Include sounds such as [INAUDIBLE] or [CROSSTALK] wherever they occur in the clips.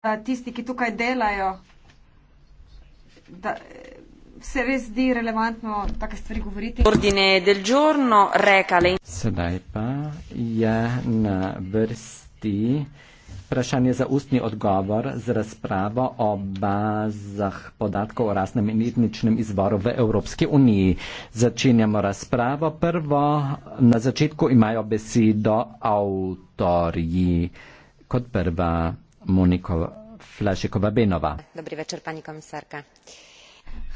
da tisti, ki tukaj delajo, da eh, se res zdi relevantno take stvari govoriti. Ordine del giorno rekale. Sedaj pa je na vrsti vprašanje za ustni odgovor z razpravo o bazah podatkov o rasnem in etničnem izvoru v Evropski uniji. Začenjamo razpravo. Prvo, na začetku imajo besedo avtorji. Kot prva Flašikova-Benova. Dobri večer, pani komisarka.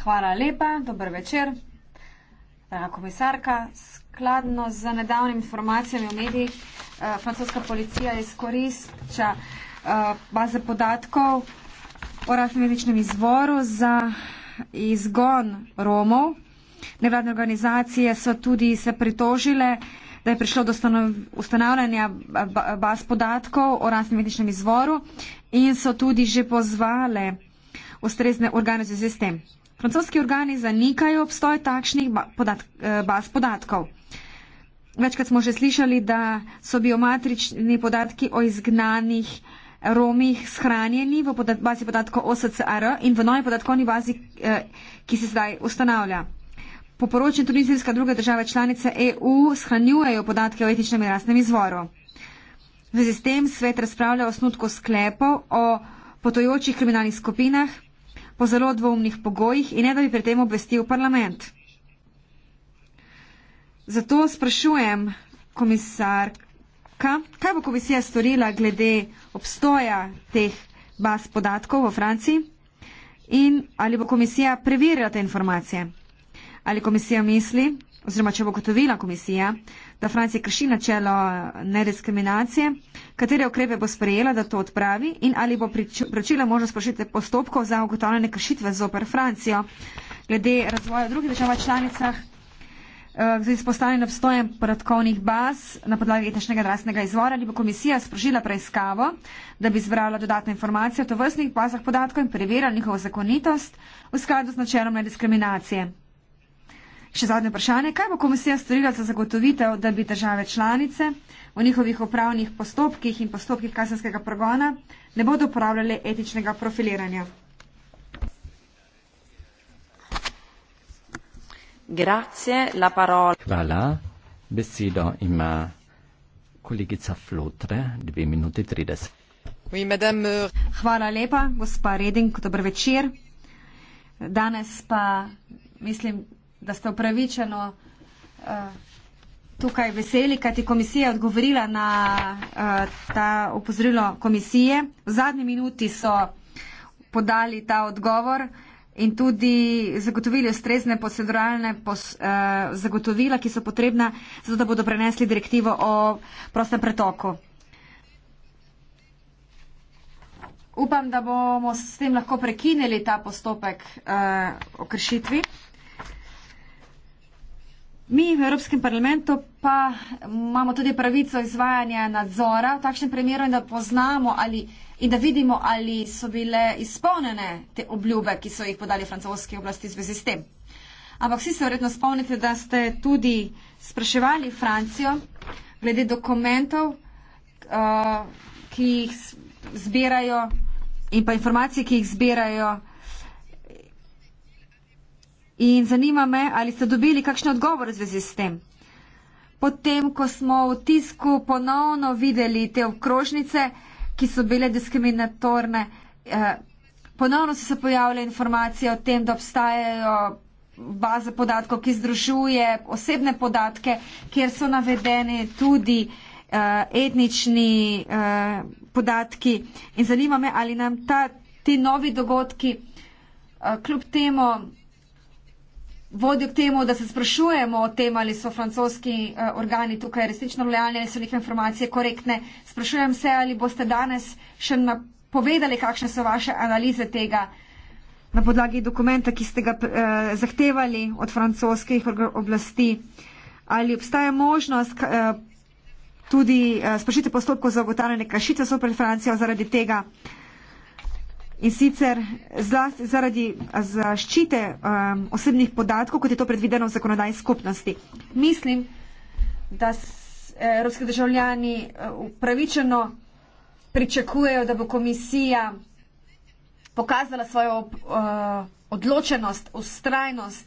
Hvala lepa, dober večer. Draga komisarka, skladno z nedavnim informacijami v medijih, eh, francoska policija izkorišča eh, baze podatkov o rafineričnem izvoru za izgon Romov. Nevladne organizacije so tudi se pritožile eh, da je prišlo do ustanavljanja baz podatkov o rasnem etničnem izvoru in so tudi že pozvale ustrezne organe za sistem. Francoski organi zanikajo obstoj takšnih podat eh, baz podatkov. Večkrat smo že slišali, da so biometrični podatki o izgnanih Romih shranjeni v podat bazi podatkov OSCR in v novi podatkovni bazi, eh, ki se zdaj ustanavlja. Po poročanju tudi izraelska druga država članica EU shranjujejo podatke o etničnem in rasnem izvoru. V zvezi s tem svet razpravlja o snutku sklepov o potojočih kriminalnih skupinah po zelo dvomnih pogojih in ne da bi pri tem obvestil parlament. Zato sprašujem komisarka, kaj bo komisija storila glede obstoja teh baz podatkov v Franciji in ali bo komisija preverila te informacije. Ali komisija misli, oziroma če bo gotovila komisija, da Francija krši načelo eh, nediskriminacije, katere ukrepe bo sprejela, da to odpravi in ali bo pričela možnost sprošiti postopkov za ugotavljanje kršitve zoper Francijo glede razvoja drugih držav članicah eh, z izpostavljenim obstojem podatkovnih baz na podlagi etničnega drastnega izvora, ali bo komisija sprožila preiskavo, da bi zbrala dodatne informacije o tovrstnih bazah podatkov in preverila njihovo zakonitost v skladu z načelom nediskriminacije. Na Še zadnje vprašanje. Kaj bo komisija storila za zagotovitev, da bi države članice v njihovih upravnih postopkih in postopkih kazenskega progona ne bodo uporabljali etičnega profiliranja? Grazie, la parola. Hvala. Besedo ima kolegica Flotre, dve minuti trideset. Oui, madame... Euh, Hvala lepa, gospa Reding, dober večer. Danes pa, mislim, da ste upravičeno eh, tukaj veseli, kajti komisija je odgovorila na eh, ta opozorilo komisije. V zadnji minuti so podali ta odgovor in tudi zagotovili ustrezne posedoralne pos, eh, zagotovila, ki so potrebna, zato da bodo prenesli direktivo o prostem pretoku. Upam, da bomo s tem lahko prekinili ta postopek eh, o kršitvi. Mi v Evropskem parlamentu pa imamo tudi pravico izvajanja nadzora v takšnem primeru in da poznamo ali in da vidimo, ali so bile izpolnjene te obljube, ki so jih podali francoski oblasti v zvezi s tem. Ampak vsi se verjetno spomnite, da ste tudi spraševali Francijo glede dokumentov, uh, ki jih zbirajo in pa informacije, ki jih zbirajo. In zanima me, ali ste dobili kakšen odgovor v zvezi s tem. Potem, ko smo v tisku ponovno videli te okrožnice, ki so bile diskriminatorne, eh, ponovno so se pojavile informacije o tem, da obstajajo baze podatkov, ki združuje osebne podatke, kjer so navedeni tudi eh, etnični eh, podatki. In zanima me, ali nam ta, ti novi dogodki kljub temu vodil k temu, da se sprašujemo o tem, ali so francoski eh, organi tukaj resnično lojalni, ali so njihove informacije korektne. Sprašujem se, ali boste danes še napovedali, kakšne so vaše analize tega na podlagi dokumenta, ki ste ga eh, zahtevali od francoskih oblasti. Ali obstaja možnost eh, tudi eh, sprašiti postopkov za ugotavljanje kašitev so pred Francijo zaradi tega? Eh, In sicer zlasti zaradi zaščite um, osebnih podatkov, kot je to predvideno v zakonodaji skupnosti. Mislim, da e, evropski državljani e, upravičeno pričakujejo, da bo komisija pokazala svojo uh, odločenost, ustrajnost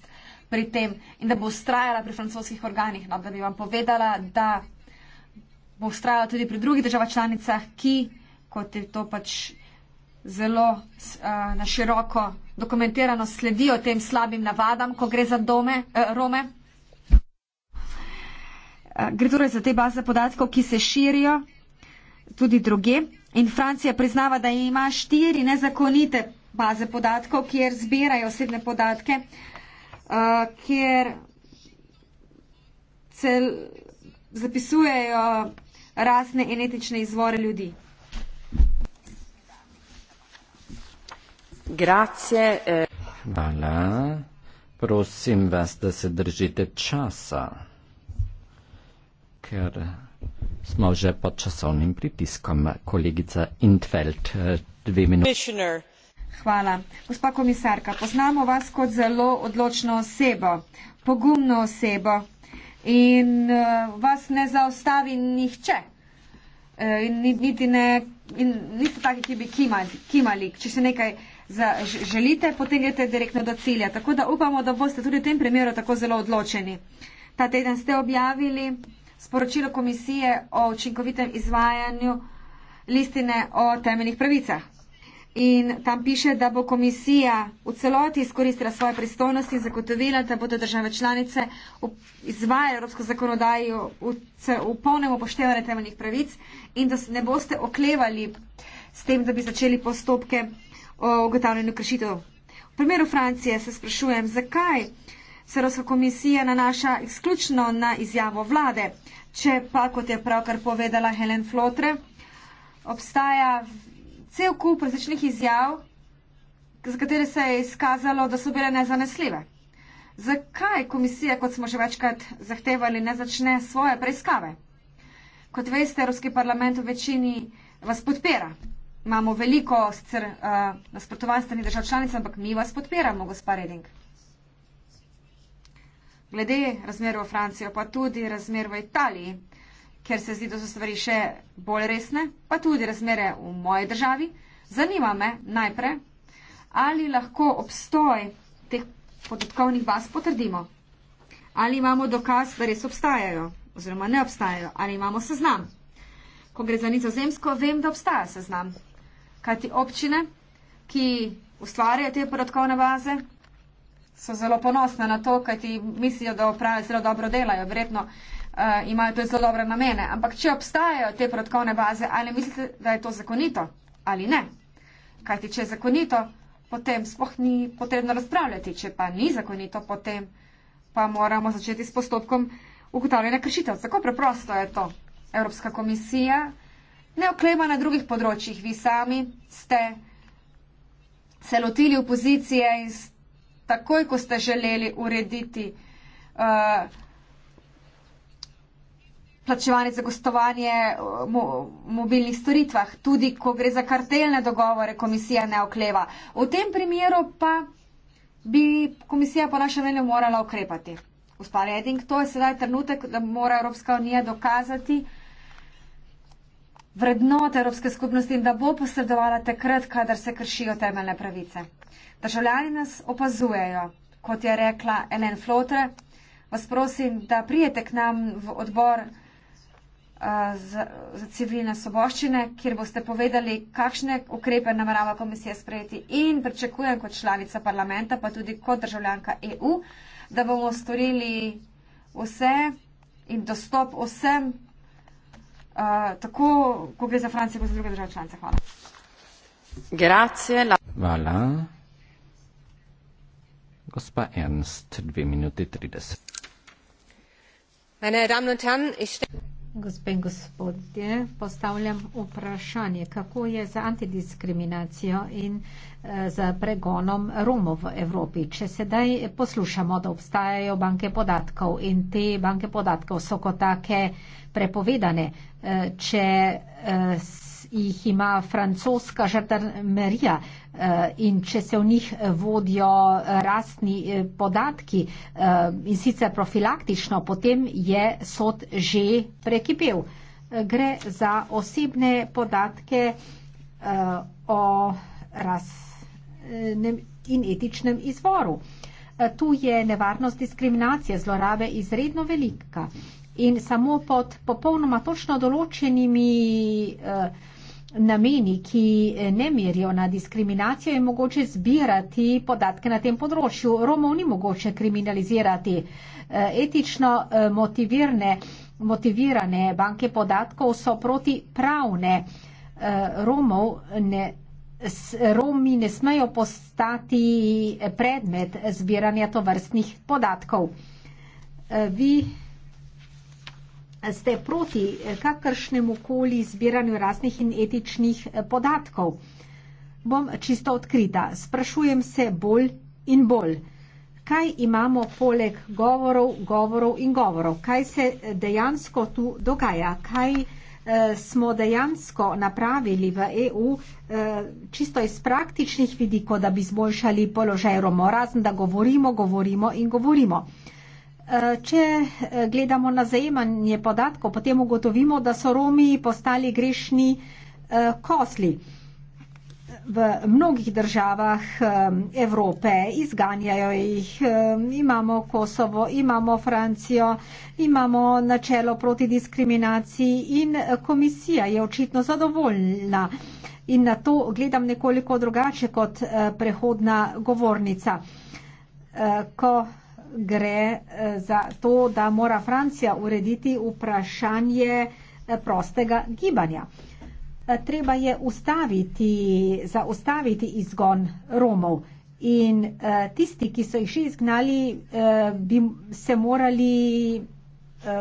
pri tem in da bo ustrajala pri francoskih organih. No, da bi vam povedala, da bo ustrajala tudi pri drugih državah članicah, ki, kot je to pač zelo uh, na široko dokumentirano sledijo tem slabim navadam, ko gre za dome, eh, Rome. Uh, gre torej za te baze podatkov, ki se širijo tudi druge. In Francija priznava, da ima štiri nezakonite baze podatkov, kjer zbirajo osebne podatke, uh, kjer cel, zapisujejo razne genetične izvore ljudi. Grazie. Eh. Hvala. Prosim vas, da se držite časa, ker smo že pod časovnim pritiskom. Kolegica Intfeld, eh, dve minute. Hvala. Gospa komisarka, poznamo vas kot zelo odločno osebo, pogumno osebo in uh, vas ne zaostavi nihče. Uh, in niti ne, in niste taki, ki bi kimali, kimali če se nekaj. Uh, za, želite, potem gledate direktno do cilja. Tako da upamo, da boste tudi v tem primeru tako zelo odločeni. Ta teden ste objavili sporočilo komisije o učinkovitem izvajanju listine o temeljnih pravicah. In tam piše, da bo komisija v celoti izkoristila svoje pristojnosti in zagotovila, da bodo države članice izvajale evropsko zakonodajo v, v polnem upoštevanju temeljnih pravic in da ne boste oklevali s tem, da bi začeli postopke o ugotavljanju kršitev. V primeru Francije se sprašujem, zakaj se Evropska komisija nanaša izključno na izjavo vlade, če pa, kot je pravkar povedala Helen Flotre, obstaja cel kup različnih izjav, za katere se je izkazalo, da so bile nezanesljive. Zakaj komisija, kot smo že večkrat zahtevali, ne začne svoje preiskave? Kot veste, Evropski parlament v večini vas podpira imamo veliko sicer uh, nasprotovanj strani držav članic, ampak mi vas podpiramo, gospa Reding. Glede razmer v Francijo, pa tudi razmer v Italiji, ker se zdi, da so stvari še bolj resne, pa tudi razmere v moji državi, zanima me najprej, ali lahko obstoj teh podatkovnih baz potrdimo. Ali imamo dokaz, da res obstajajo oziroma ne obstajajo, ali imamo seznam. Ko gre za nizozemsko, vem, da obstaja seznam kajti občine, ki ustvarjajo te podatkovne baze, so zelo ponosne na to, kajti mislijo, da prav zelo dobro delajo, verjetno uh, imajo tudi zelo dobre namene. Ampak če obstajajo te podatkovne baze, ali mislite, da je to zakonito ali ne? Kajti če je zakonito, potem sploh ni potrebno razpravljati, če pa ni zakonito, potem pa moramo začeti s postopkom ugotavljanja kršitev. Tako preprosto je to. Evropska komisija ne oklema na drugih področjih. Vi sami ste se lotili opozicije in takoj, ko ste želeli urediti uh, plačevanje za gostovanje v eh, mobilnih storitvah, tudi ko gre za kartelne dogovore, komisija ne okleva. V tem primeru pa bi komisija po našem mnenju morala ukrepati. Gospa Reding, to je sedaj trenutek, da mora Evropska unija dokazati, vrednote Evropske skupnosti in da bo posredovala takrat, kadar se kršijo temeljne pravice. Državljani nas opazujejo, kot je rekla NN Flotre. Vas prosim, da prijete k nam v odbor uh, eh, za, za civilne soboščine, kjer boste povedali, kakšne ukrepe namerava komisija sprejeti in pričakujem kot članica parlamenta, pa tudi kot državljanka EU, da bomo storili vse in dostop vsem Eh, tako, ko gre za Francijo, kot za druge države članice. Hvala. Grazie, la... Hvala. Gospa Ernst, dve minuti trideset. Meine Damen und Herren, ich stelle... Gospe in gospodje, postavljam vprašanje, kako je za antidiskriminacijo in eh, za pregonom Romov v Evropi. Če sedaj poslušamo, da obstajajo banke podatkov in te banke podatkov so kot take prepovedane, eh, če eh, jih ima francoska žrtarmerija eh, in če se v njih eh, vodijo eh, rastni podatki in sicer profilaktično, potem je sod že prekipel. Gre za osebne podatke o rasnem in etičnem izvoru. Tu je nevarnost diskriminacije, zlorabe izredno velika. In samo pod popolnoma točno določenimi eh, nameni, ki eh, ne merijo na diskriminacijo, je mogoče zbirati podatke na tem področju. Romov ni mogoče kriminalizirati. Eh, etično eh, motivirne, motivirane banke podatkov so protipravne. Romov ne. Romi ne smejo postati predmet zbiranja tovrstnih podatkov. Vi ste proti eh, kakršnemu koli zbiranju rasnih in etičnih eh, podatkov. Bom čisto odkrita. Sprašujem se bolj in bolj. Kaj imamo poleg govorov, govorov in govorov? Kaj se eh, dejansko tu dogaja? Kaj smo dejansko napravili v EU čisto iz praktičnih vidikov, da bi zboljšali položaj Romov, razen da govorimo, govorimo in govorimo. Če eh, gledamo na zajemanje podatkov, potem ugotovimo, da so Romi postali grešni eh, kosli. V mnogih državah eh, Evrope izganjajo jih. Imamo Kosovo, imamo Francijo, imamo načelo proti diskriminaciji in komisija je očitno zadovoljna. In na to gledam nekoliko drugače kot prehodna govornica. Ko gre eh, za to, da mora Francija urediti vprašanje eh, prostega gibanja. Eh, treba je ustaviti, zaustaviti izgon Romov in tisti, ki so jih še izgnali, bi se morali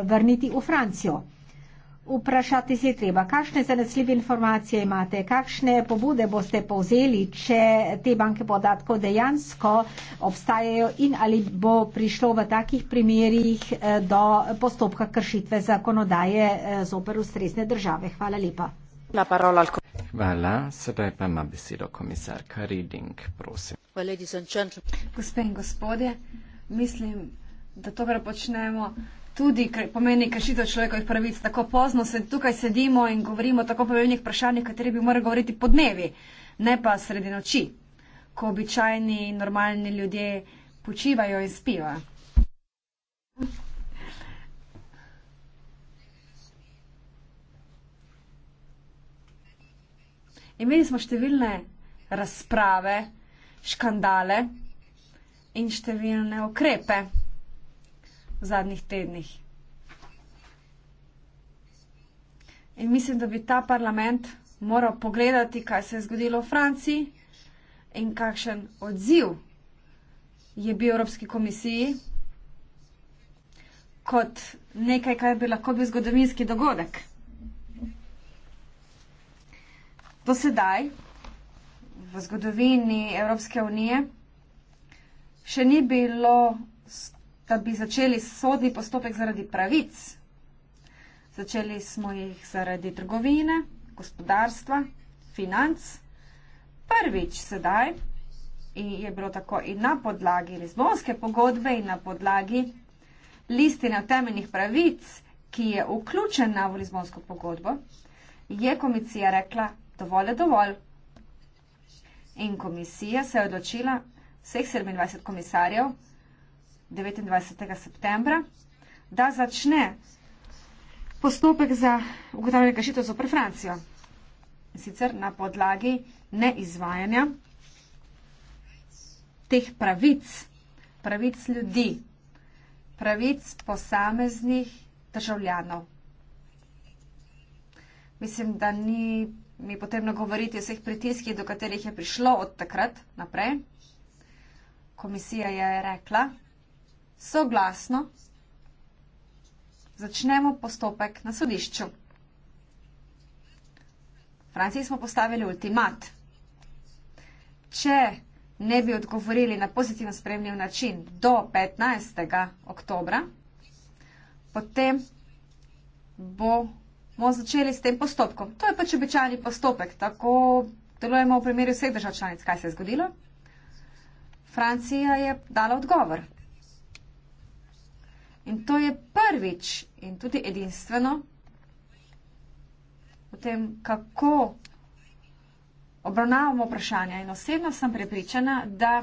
vrniti v Francijo vprašati si je treba, kakšne zanesljive informacije imate, kakšne pobude boste povzeli, če te banke podatkov dejansko obstajajo in ali bo prišlo v takih primerjih eh, do postopka kršitve zakonodaje eh, zoper ustrezne države. Hvala lepa. Hvala, sedaj pa ima besedo komisarka Reding, prosim. Gospe in gospodje, mislim, da to, kar počnemo, tudi pomeni kršitev človekovih pravic. Tako pozno se tukaj sedimo in govorimo o tako pomembnih vprašanjih, o katerih bi morali govoriti podnevi, ne pa sredi noči, ko običajni normalni ljudje počivajo in spiva. Imeli smo številne razprave, škandale in številne ukrepe v zadnjih tednih. In mislim, da bi ta parlament moral pogledati, kaj se je zgodilo v Franciji in kakšen odziv je bil Evropski komisiji kot nekaj, kaj bi lahko bil zgodovinski dogodek. Do sedaj v zgodovini Evropske unije še ni bilo da bi začeli sodni postopek zaradi pravic. Začeli smo jih zaradi trgovine, gospodarstva, financ. Prvič sedaj je bilo tako in na podlagi Lizbonske pogodbe in na podlagi listine o temeljnih pravic, ki je vključena v Lizbonsko pogodbo, je komisija rekla dovolj je dovolj. In komisija se je odločila, vseh 27 komisarjev, 29. septembra, da začne postopek za ugotavljanje kršitev z Francijo. In sicer na podlagi neizvajanja teh pravic, pravic ljudi, pravic posameznih državljanov. Mislim, da ni mi potrebno govoriti o vseh pritiskih, do katerih je prišlo od takrat naprej. Komisija je rekla, soglasno začnemo postopek na sodišču. Franciji smo postavili ultimat. Če ne bi odgovorili na pozitivno spremljiv način do 15. oktobra, potem bomo začeli s tem postopkom. To je pač običajni postopek, tako delujemo v primeru vseh držav članic. Kaj se je zgodilo? Francija je dala odgovor. In to je prvič in tudi edinstveno v tem, kako obravnavamo vprašanja. In osebno sem prepričana, da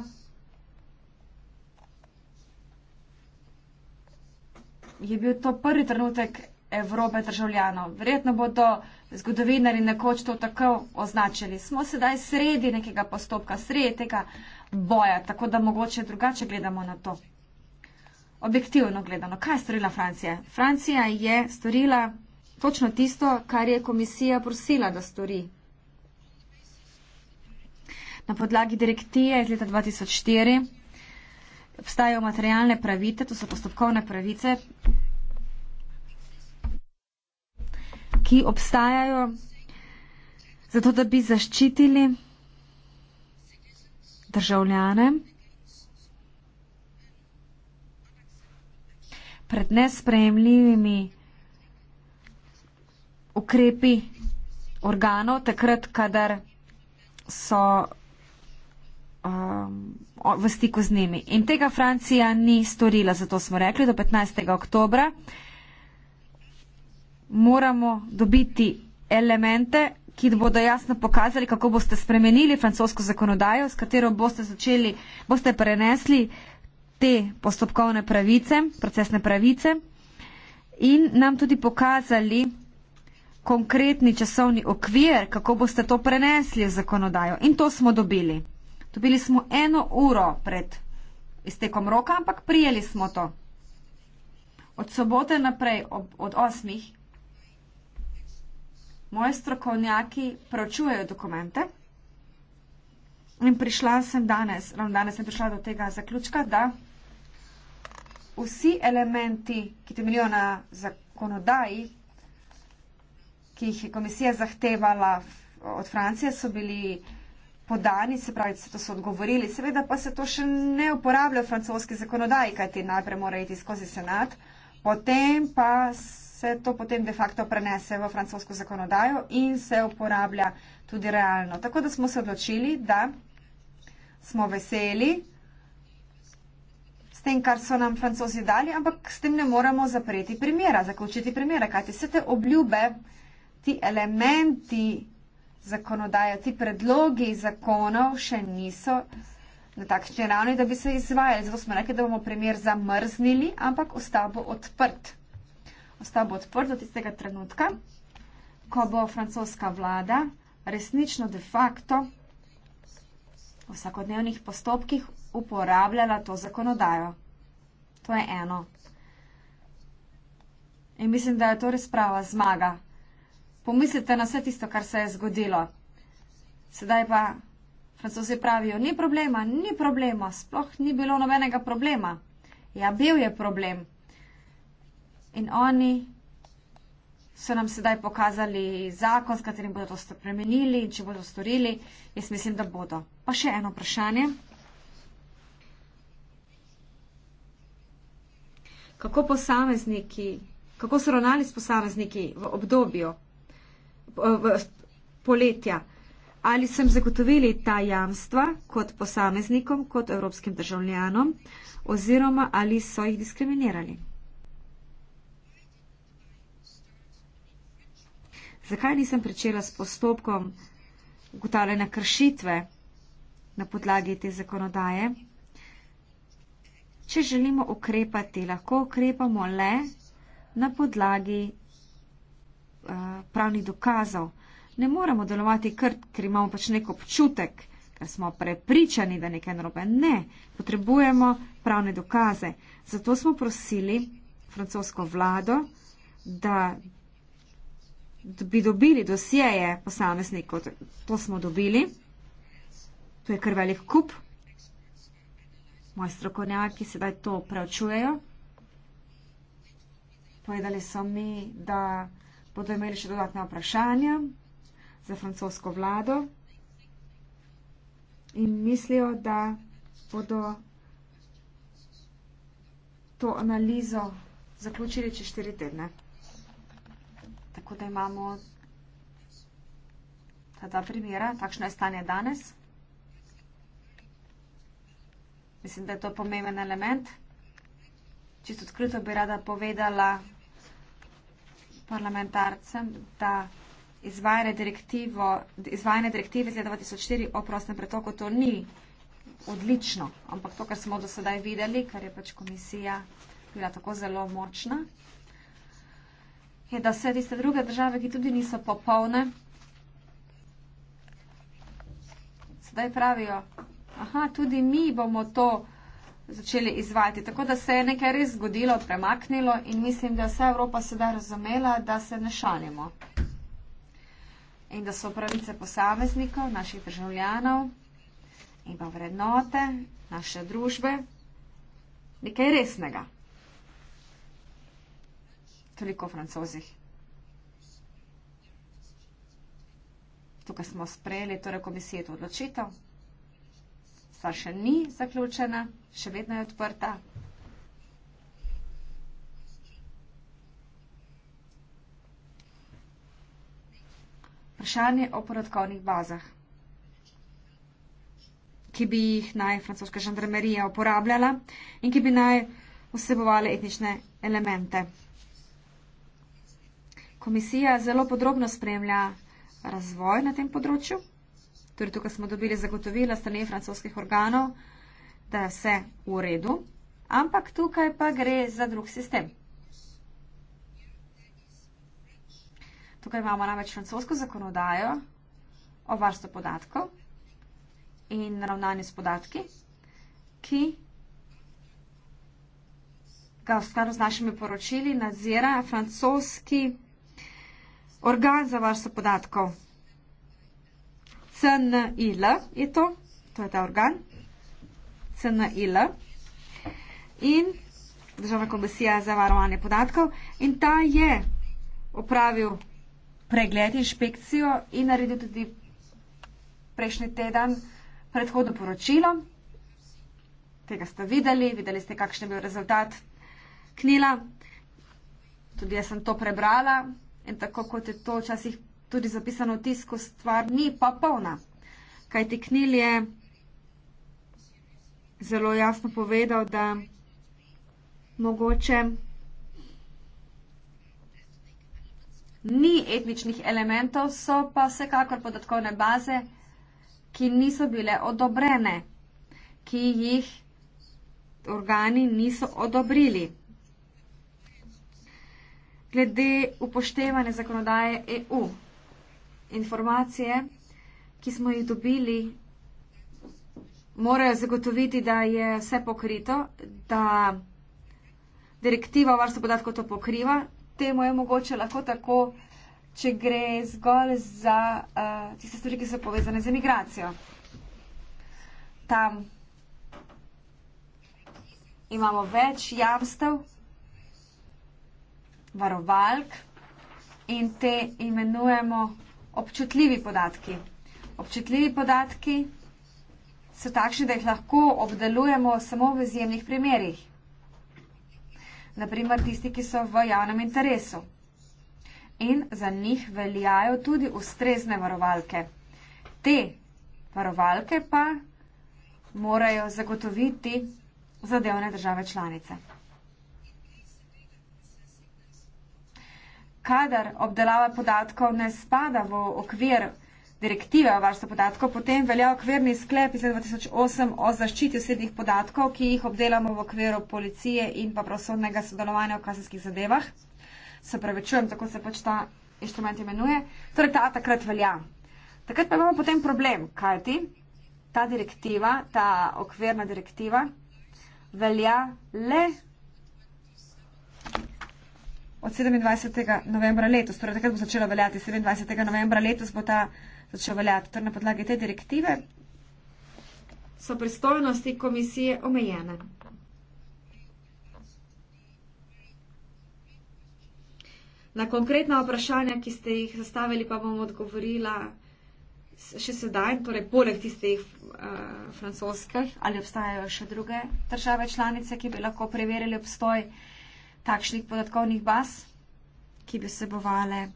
je bil to prvi trenutek Evrope državljanov. Verjetno bodo zgodovinari nekoč to tako označili. Smo sedaj sredi nekega postopka, sredi tega boja, tako da mogoče drugače gledamo na to objektivno gledano, kaj je storila Francija? Francija je storila točno tisto, kar je komisija prosila, da stori. Na podlagi direktive iz leta 2004 obstajajo materialne pravice, to so postopkovne pravice, ki obstajajo zato, da bi zaščitili državljane pred nespremljivimi ukrepi organov, takrat, kadar so um, v stiku z njimi. In tega Francija ni storila, zato smo rekli, do 15. oktobra moramo dobiti elemente, ki bodo jasno pokazali, kako boste spremenili francosko zakonodajo, s katero boste začeli, boste prenesli uh, te postopkovne pravice, procesne pravice in nam tudi pokazali konkretni časovni okvir, kako boste to prenesli v zakonodajo. In to smo dobili. Dobili smo eno uro pred iztekom roka, ampak prijeli smo to. Od sobote naprej, ob, od osmih, moji strokovnjaki pravčujejo dokumente. In prišla sem danes, ravno danes sem prišla do tega zaključka, da vsi elementi, ki temeljijo na zakonodaji, ki jih je komisija zahtevala od Francije, so bili podani, se pravi, se to so odgovorili. Seveda pa se to še ne uporablja v francoski zakonodaji, kajti najprej mora iti skozi senat, potem pa se to potem de facto prenese v francosko zakonodajo in se uporablja tudi realno. Tako da smo se odločili, da smo veseli, tem, kar so nam francozi dali, ampak s tem ne moremo zapreti primera, zaključiti primera, kajti vse te obljube, ti elementi zakonodaje, ti predlogi zakonov še niso na takšni ravni, da bi se izvajali. Zato smo rekli, da bomo primer zamrznili, ampak ostal bo odprt. Ostal bo odprt do tistega trenutka, ko bo francoska vlada resnično de facto v vsakodnevnih postopkih uporabljala to zakonodajo. To je eno. In mislim, da je to res prava zmaga. Pomislite na vse tisto, kar se je zgodilo. Sedaj pa francozi pravijo, ni problema, ni problema, sploh ni bilo nobenega problema. Ja, bil je problem. In oni so nam sedaj pokazali zakon, s katerim bodo to spremenili in če bodo storili. Jaz mislim, da bodo. Pa še eno vprašanje. kako posamezniki, kako so ravnali s posamezniki v obdobju v, v, poletja. Ali sem zagotovili ta jamstva kot posameznikom, kot evropskim državljanom, oziroma ali so jih diskriminirali? Zakaj nisem pričela s postopkom ugotavljanja kršitve na podlagi te zakonodaje? Če želimo ukrepati, lahko ukrepamo le na podlagi uh, pravnih dokazov. Ne moramo delovati kar, ker imamo pač nek občutek, ker smo prepričani, da nekaj narobe. Ne, potrebujemo pravne dokaze. Zato smo prosili francosko vlado, da bi dobili dosjeje posameznikov. To smo dobili. To je kar velik kup Moji strokovnjaki sedaj to preučujejo. Povedali so mi, da bodo imeli še dodatna vprašanja za francosko vlado in mislijo, da bodo to analizo zaključili čez štiri tedne. Tako da imamo ta dva primera, takšno je stanje danes. Mislim, da je to pomemben element. Čisto odkrito bi rada povedala parlamentarcem, da izvajanje, izvajanje direktive iz leta 2004 o prostem pretoku to ni odlično, ampak to, kar smo do sedaj videli, kar je pač komisija bila tako zelo močna, je, da vse tiste druge države, ki tudi niso popolne, sedaj pravijo, aha, tudi mi bomo to začeli izvajati. Tako da se je nekaj res zgodilo, premaknilo in mislim, da je vsa Evropa sedaj razumela, da se ne šalimo. In da so pravice posameznikov, naših državljanov in pa vrednote naše družbe nekaj resnega. Toliko francozih. Tukaj smo sprejeli torej komisijo to odločitev pa še ni zaključena, še vedno je odprta. Vprašanje o podatkovnih bazah, ki bi jih naj francoska žandarmerija uporabljala in ki bi naj vsebovali etnične elemente. Komisija zelo podrobno spremlja razvoj na tem področju. Torej, tukaj smo dobili zagotovila strani francoskih organov, da je vse v redu, ampak tukaj pa gre za drug sistem. Tukaj imamo namreč francosko zakonodajo o varstvu podatkov in ravnanju s podatki, ki ga v skladu z našimi poročili nadzira francoski organ za varstvo podatkov. CNIL je to, to je ta organ, CNIL in Državna komisija za varovanje podatkov in ta je opravil pregled inšpekcijo in naredil tudi prejšnji teden predhodno poročilo. Tega ste videli, videli ste, kakšen je bil rezultat knila. Tudi jaz sem to prebrala in tako kot je to včasih tudi zapisano v tisku, stvar ni pa polna. Kaj ti knil je zelo jasno povedal, da mogoče ni etničnih elementov, so pa vsekakor podatkovne baze, ki niso bile odobrene, ki jih organi niso odobrili. Glede upoštevanja zakonodaje EU informacije, ki smo jih dobili, morajo zagotoviti, da je vse pokrito, da direktiva varstva podatkov to pokriva. Temu je mogoče lahko tako, če gre zgolj za uh, tiste stvari, ki so povezane z emigracijo. Tam imamo več jamstev, varovalk in te imenujemo občutljivi podatki. Občutljivi podatki so takšni, da jih lahko obdelujemo samo v izjemnih primerjih. Naprimer tisti, ki so v javnem interesu. In za njih veljajo tudi ustrezne varovalke. Te varovalke pa morajo zagotoviti zadevne države članice. kadar obdelava podatkov ne spada v okvir direktive o varstvu podatkov, potem velja okvirni sklep iz 2008 o zaščiti osebnih podatkov, ki jih obdelamo v okviru policije in pa prosodnega sodelovanja v kazenskih zadevah. Se prevečujem, tako se pač ta inštrument imenuje. Torej, ta takrat velja. Takrat pa imamo potem problem, kaj ti? Ta direktiva, ta okvirna direktiva, velja le od 27. novembra letos, torej takrat bo začelo veljati, 27. novembra letos bo ta začel veljati. Torej na podlagi te direktive so pristojnosti komisije omejene. Na konkretna vprašanja, ki ste jih zastavili, pa bom odgovorila še sedaj, torej poleg tistih uh, francoskih, ali obstajajo še druge države članice, ki bi lahko preverili obstoj uh, takšnih podatkovnih baz, ki bi vsebovale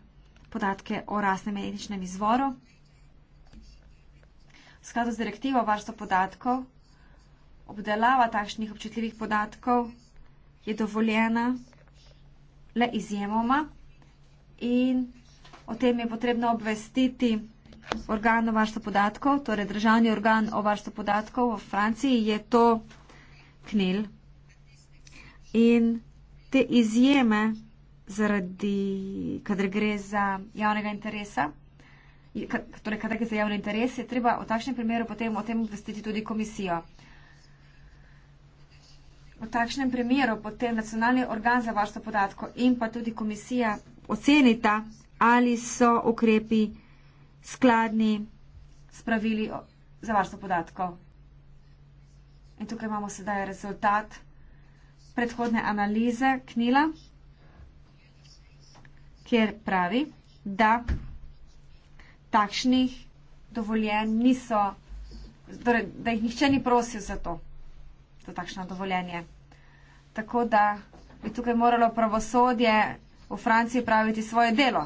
podatke o rasnem in etničnem izvoru. V skladu z direktivo varstvo podatkov, obdelava takšnih občutljivih podatkov je dovoljena le izjemoma in o tem je potrebno obvestiti organ o varstvo podatkov, torej državni organ o varstvo podatkov v Franciji je to knil. In te izjeme, zaradi, kadar gre za javnega interesa, torej kadar gre za javni interes, je treba v takšnem primeru potem o tem obvestiti tudi komisijo. V takšnem primeru potem nacionalni organ za varstvo podatkov in pa tudi komisija ocenita, ali so ukrepi skladni s pravili za varstvo podatkov. In tukaj imamo sedaj rezultat predhodne analize Knila, kjer pravi, da takšnih dovoljenj niso, torej, da jih nihče ni prosil za to, za takšno dovoljenje. Tako da bi tukaj moralo pravosodje v Franciji praviti svoje delo.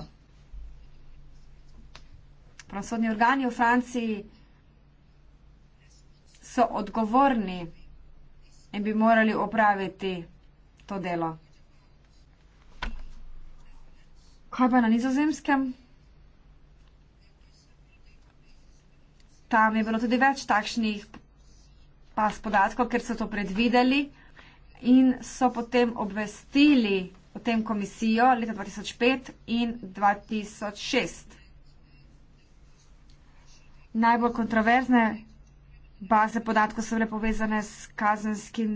Pravosodni organi v Franciji so odgovorni in bi morali opraviti to delo. Kaj pa na nizozemskem? Tam je bilo tudi več takšnih pas podatkov, ker so to predvideli in so potem obvestili o tem komisijo leta 2005 in 2006. Najbolj kontroverzne baze podatkov so bile povezane s kazenskim,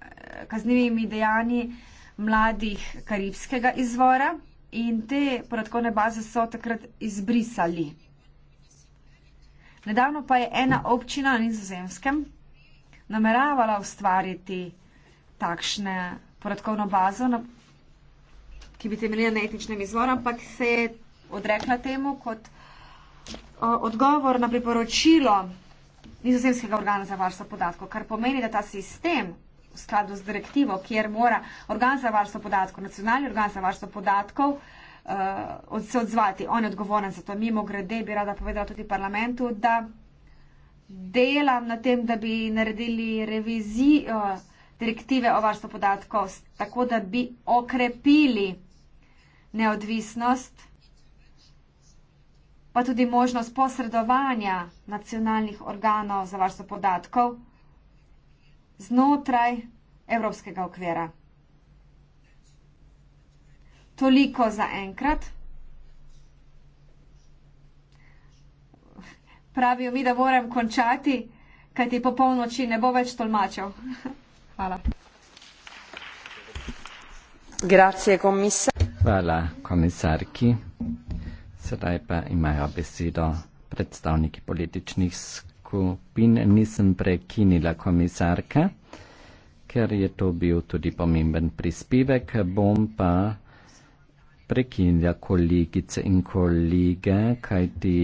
eh, kaznivimi dejanji mladih karibskega izvora in te podatkovne baze so takrat izbrisali. Nedavno pa je ena občina na nizozemskem nameravala ustvariti takšne podatkovno bazo, ki bi temeljila na etničnem izvoru, ampak se je odrekla temu kot eh, odgovor na priporočilo nizozemskega organa za varstvo podatkov, kar pomeni, da ta sistem v skladu z direktivo, kjer mora organ za varstvo podatkov, nacionalni organ za varstvo podatkov, uh, se odzvati. On je odgovoren za to. Mimo grede bi rada povedala tudi parlamentu, da delam na tem, da bi naredili revizijo direktive o varstvu podatkov, tako da bi okrepili neodvisnost pa tudi možnost posredovanja nacionalnih organov za varstvo podatkov znotraj evropskega okvira. Toliko za enkrat. Pravijo mi, da moram končati, kajti po polnoči ne bo več tolmačev. [LAUGHS] Hvala. Grazie, commissar. Hvala komisarki. Sedaj pa imajo besedo predstavniki političnih skupin. Nisem prekinila komisarka, ker je to bil tudi pomemben prispevek. Bom pa prekinila kolegice in kolege, kajti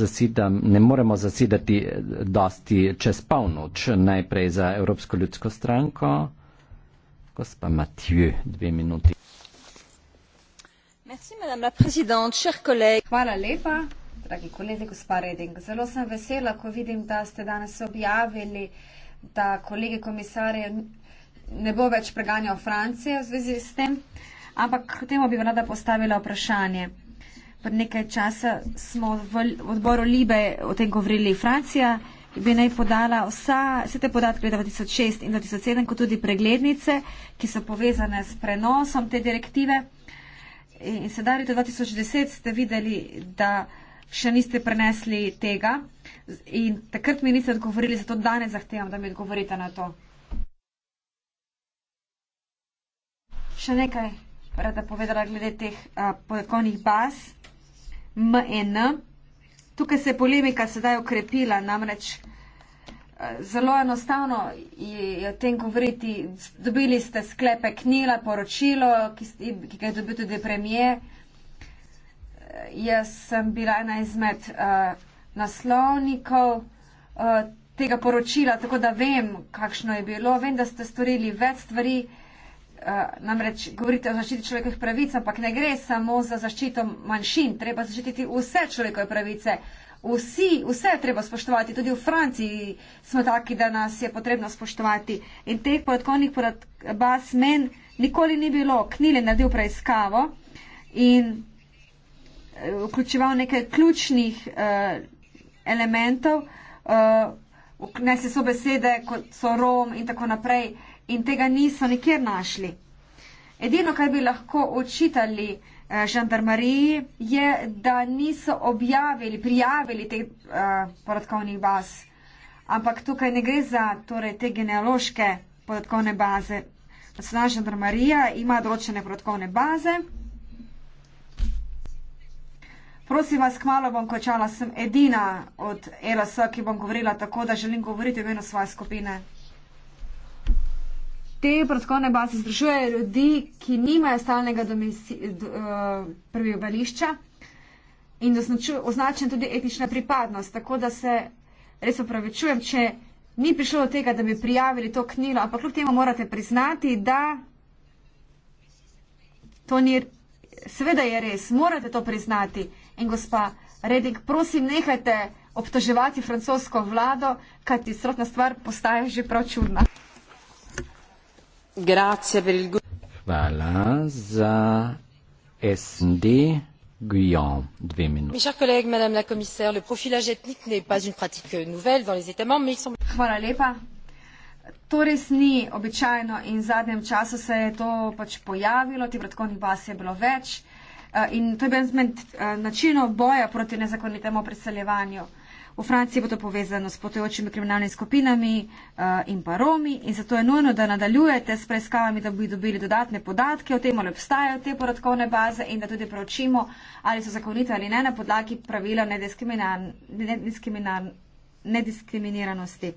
zasidam, ne moremo zasidati eh, dosti čez polnoč. Najprej za Evropsko ljudsko stranko, gospa Matju, dve minuti. Hvala lepa, dragi kolegi, gospa Reding. Zelo sem vesela, ko vidim, da ste danes objavili, da kolegi komisarje ne bo več preganjal Francije v zvezi s tem, ampak temu bi rada postavila vprašanje. Pred nekaj časa smo v odboru Libe o tem govorili Francija bi naj podala vsa, vse te podatke leta 2006 in 2007, kot tudi preglednice, ki so povezane s prenosom te direktive. Uh, In, in sedaj, leta 2010, ste videli, da še niste prenesli tega. In takrat mi niste odgovorili, zato danes zahtevam, da mi odgovorite na to. Še nekaj rada povedala glede teh podatkovnih baz. MN. E Tukaj se je polemika sedaj okrepila, namreč zelo enostavno je o tem govoriti. Dobili ste sklepe knila, poročilo, ki, ki ga je dobil tudi premije. Jaz sem bila ena izmed uh, naslovnikov uh, tega poročila, tako da vem, kakšno je bilo. Vem, da ste storili več stvari, uh, namreč govorite o zaščiti človekovih pravic, ampak ne gre samo za zaščito manjšin, treba zaščititi vse človekove pravice. Uh, vsi, vse je treba spoštovati, tudi v Franciji smo taki, da nas je potrebno spoštovati. In teh podatkovnih baz men nikoli ni bilo, knil je naredil preiskavo in eh, vključeval nekaj ključnih uh, elementov, uh, eh, ne se so besede, kot so Rom in tako naprej, in tega niso nikjer našli. Edino, kaj bi lahko očitali, uh, Eh, žandarmariji, je, da niso objavili, prijavili teh eh, podatkovnih baz. Ampak tukaj ne gre za torej, te genealoške podatkovne baze. Nacionalna žandarmarija ima določene podatkovne baze. Prosim vas, kmalo bom končala, sem edina od ELS, ki bom govorila tako, da želim govoriti v imenu svoje skupine te protokolne baze sprašujejo ljudi, ki nimajo stalnega domisi, d, uh, prebivališča in označen tudi etnična pripadnost. Tako da se res upravičujem, če ni prišlo do tega, da bi prijavili to knjigo, ampak kljub temu morate priznati, da to ni. Seveda je res, morate to priznati. In gospa Redik, prosim, nehajte obtoževati francosko vlado, kajti srotna stvar postaja že prav čudna. Grazie per il Voilà, SD. Mes chers collègues, Madame la Commissaire, le profilage ethnique n'est pas une pratique nouvelle dans les États membres, mais il semble. Voilà, lepa. To res ni običajno in v zadnjem času se je to pač pojavilo, ti predkoni bas je bilo več. Eh, in to je bil izmed eh, načinov boja proti nezakonitemu preseljevanju. V Franciji bo to povezano s potojočimi kriminalnimi skupinami uh, in pa Romi in zato je nujno, da nadaljujete s preiskavami, da bi dobili dodatne podatke o tem, ali obstajajo te podatkovne baze in da tudi preučimo, ali so zakonite ali ne na podlagi pravila nediskriminiranosti.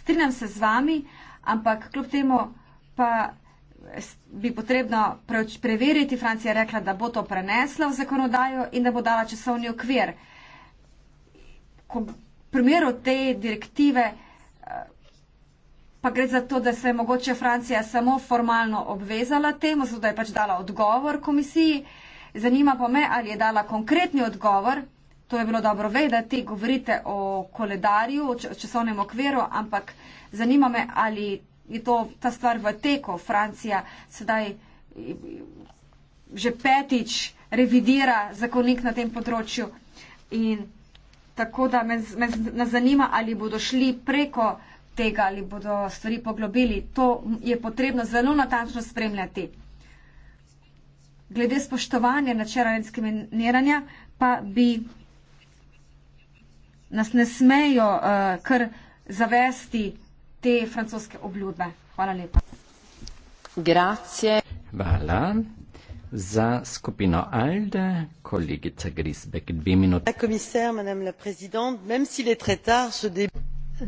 Strinjam se z vami, ampak kljub temu pa bi potrebno preveriti, Francija je rekla, da bo to preneslo v zakonodajo in da bo dala časovni okvir primeru te direktive eh, pa gre za to, da se je mogoče Francija samo formalno obvezala temu, zato da je pač dala odgovor komisiji. Zanima pa me, ali je dala konkretni odgovor. To je bilo dobro vedeti, govorite o koledarju, o časovnem okviru, ampak zanima me, ali je to ta stvar v teku. Francija sedaj eh, že petič revidira zakonik na tem področju in Tako da me, me, me zanima, ali bodo šli preko tega, ali bodo stvari poglobili. To je potrebno zelo natančno spremljati. Glede spoštovanja načela diskriminiranja, pa bi nas ne smejo uh, kar zavesti te francoske obljube. Hvala lepa. Grazie. Hvala. Za skupino ALDE, kolegica Grisbek, dve minuti.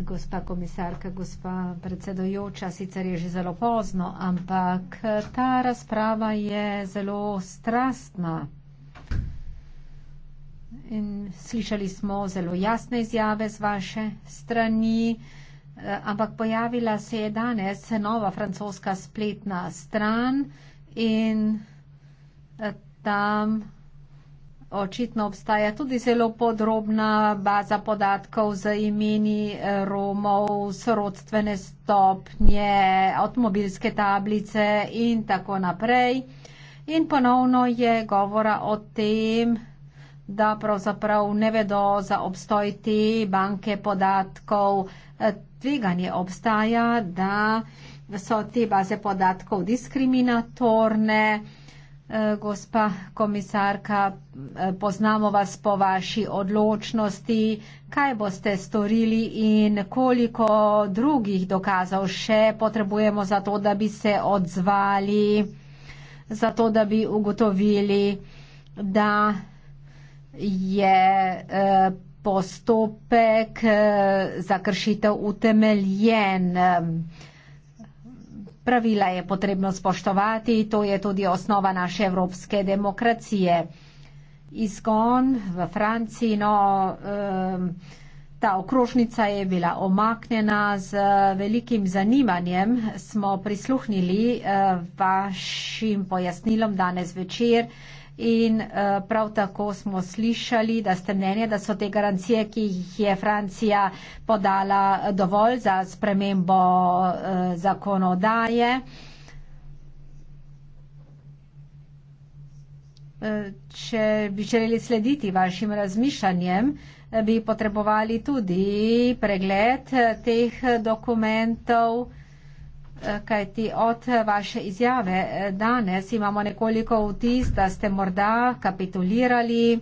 Gospa komisarka, gospa predsedojoča, sicer je že zelo pozno, ampak ta razprava je zelo strastna. In slišali smo zelo jasne izjave z vaše strani, eh, ampak pojavila se je danes nova francoska spletna stran in tam očitno obstaja tudi zelo podrobna baza podatkov z imeni eh, Romov, sorodstvene stopnje, avtomobilske tablice in tako naprej. In ponovno je govora o tem, da pravzaprav ne vedo za obstoj te banke podatkov. Eh, tveganje obstaja, da so te baze podatkov diskriminatorne. Eh, gospa komisarka, eh, poznamo vas po vaši odločnosti. Kaj boste storili in koliko drugih dokazov še potrebujemo za to, da bi se odzvali, za to, da bi ugotovili, da je eh, postopek za kršitev utemeljen? Pravila je potrebno spoštovati, to je tudi osnova naše evropske demokracije. Izgon v Franciji, no, ta okrožnica je bila omaknjena z velikim zanimanjem. Smo prisluhnili eh, vašim pojasnilom danes večer in eh, prav tako smo slišali, da ste mnenje, da so te garancije, ki jih je Francija podala dovolj za spremembo eh, zakonodaje. Eh, če bi želeli slediti vašim razmišljanjem, bi potrebovali tudi pregled teh dokumentov kajti od vaše izjave eh, danes imamo nekoliko vtis, da ste morda kapitulirali,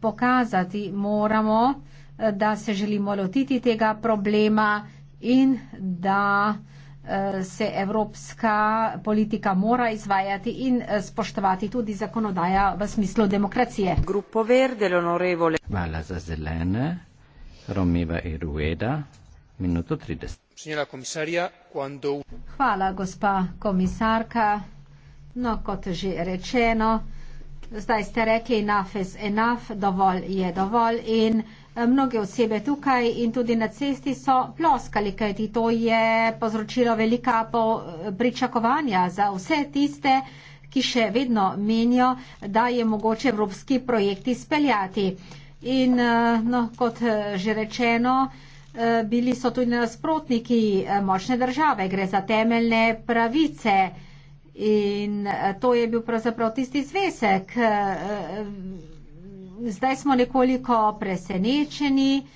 pokazati moramo, eh, da se želimo lotiti tega problema in da eh, se evropska politika mora izvajati in spoštovati tudi zakonodaja v smislu demokracije. Hvala za zelene. Romiva Irueda, minuto 30. Señora comisaria, cuando... Hvala, gospa komisarka. No, kot že rečeno, zdaj ste rekli, enough is enough, dovolj je dovolj. In eh, mnoge osebe tukaj in tudi na cesti so ploskali, kajti to je povzročilo velika po eh, pričakovanja za vse tiste, ki še vedno menijo, da je mogoče evropski projekt izpeljati. In eh, no, kot že rečeno, Eh, bili so tudi nasprotniki eh, močne države, gre za temeljne pravice. In eh, to je bil pravzaprav tisti zvesek. Zdaj smo nekoliko presenečeni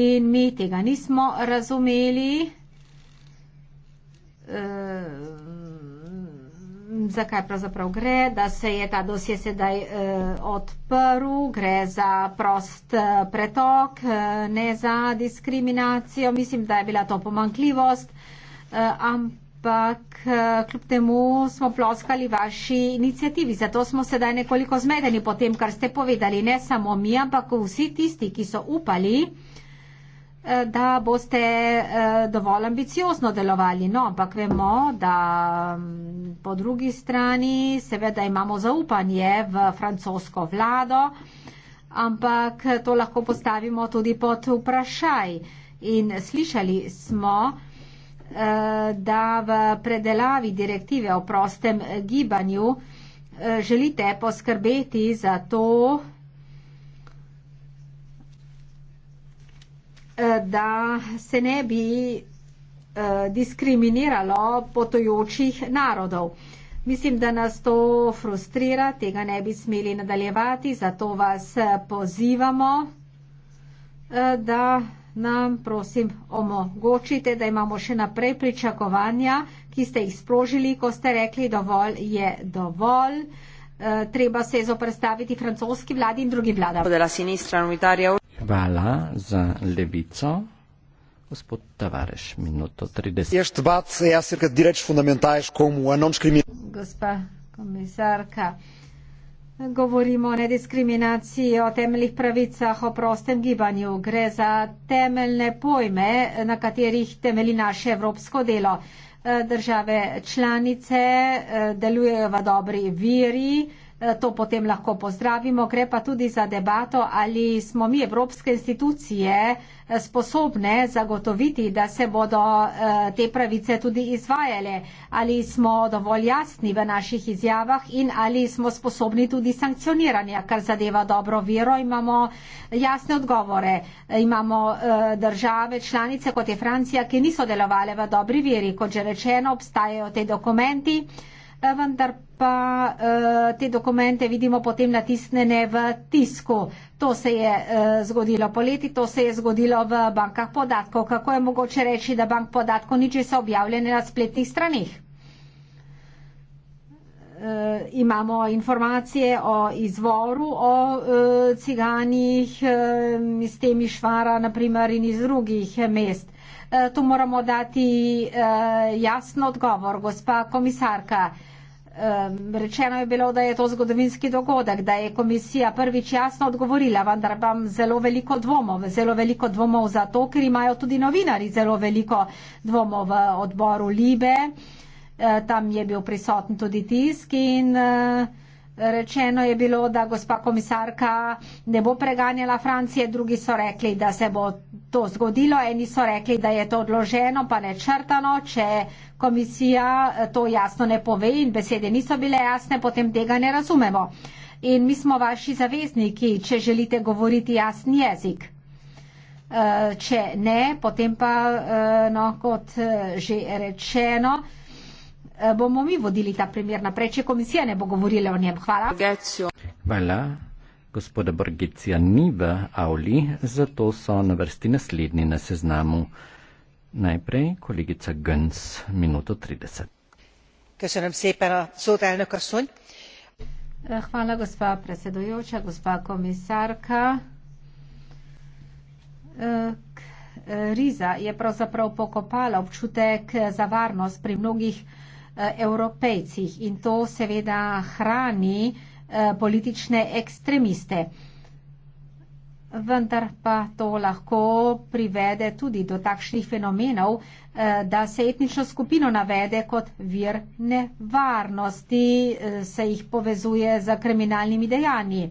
in mi tega nismo razumeli zakaj pravzaprav gre, da se je ta dosje sedaj uh, odprl, gre za prost eh, pretok, uh, ne za diskriminacijo. Mislim, da je bila to pomankljivost, uh, ampak uh, kljub temu smo ploskali vaši inicijativi. Zato smo sedaj nekoliko zmedeni po tem, kar ste povedali, ne samo mi, ampak vsi tisti, ki so upali da boste eh, dovolj ambiciozno delovali. No, ampak vemo, da mm, po drugi strani seveda imamo zaupanje v francosko vlado, ampak to lahko postavimo tudi pod vprašaj. In slišali smo, eh, da v predelavi direktive o prostem gibanju eh, želite poskrbeti za to, da se ne bi eh, diskriminiralo potojočih narodov. Mislim, da nas to frustrira, tega ne bi smeli nadaljevati, zato vas eh, pozivamo, eh, da nam prosim omogočite, da imamo še naprej pričakovanja, ki ste jih sprožili, ko ste rekli, dovolj je dovolj, treba se zoprstaviti francoski vladi in drugi vladam. Hvala za levico. Gospod Tavares, minuto 30. Gospa komisarka, govorimo o nediskriminaciji, o temeljih pravicah, o prostem gibanju. Gre za temeljne pojme, na katerih temeli naše evropsko delo. Države članice eh, delujejo v dobri veri, Eh, to potem lahko pozdravimo. Gre pa tudi za debato, ali smo mi evropske institucije eh, sposobne zagotoviti, da se bodo eh, te pravice tudi izvajale, ali smo dovolj jasni v naših izjavah in ali smo sposobni tudi sankcioniranja, kar zadeva dobro vero, imamo jasne odgovore. Imamo države, članice, kot je Francija, ki niso delovale v dobri veri, kot že rečeno, obstajajo te dokumenti, vendar pa uh, te dokumente vidimo potem natisnjene v tisku. To se je uh, zgodilo poleti, to se je zgodilo v bankah podatkov. Kako je mogoče reči, da bank podatkov ni česa objavljene na spletnih stranih? Uh, eh, imamo informacije o izvoru o uh, ciganih, uh, s temi švara naprimer in iz drugih mest. Uh, tu moramo dati uh, jasno odgovor, gospa komisarka. Uh, um, rečeno je bilo, da je to zgodovinski dogodek, da je komisija prvič jasno odgovorila, vendar imam zelo veliko dvomov, zelo veliko dvomov zato, ker imajo tudi novinari zelo veliko dvomov v odboru Libe, uh, tam je bil prisoten tudi tisk in. Uh, Rečeno je bilo, da gospa komisarka ne bo preganjala Francije, drugi so rekli, da se bo to zgodilo, eni so rekli, da je to odloženo, pa nečrtano, če komisija eh, to jasno ne pove in besede niso bile jasne, potem tega ne razumemo. In mi smo vaši zavezniki, če želite govoriti jasni jezik. Eh, če ne, potem pa, eh, no, kot že rečeno, bomo mi vodili ta primer naprej, če komisija ne bo govorila o njem. Hvala. Hvala. Gospoda Brgicija ni v avli, zato so na vrsti naslednji na seznamu. Najprej kolegica Gönc, minuto 30. Köszönöm szépen a szót, elnök asszony. Hvala, gospa predsedujoča, gospa komisarka. Riza je pravzaprav pokopala občutek za varnost pri mnogih eh, evropejcih in to seveda hrani eh, politične ekstremiste vendar pa to lahko privede tudi do takšnih fenomenov, eh, da se etnično skupino navede kot vir nevarnosti, eh, se jih povezuje z kriminalnimi dejanji.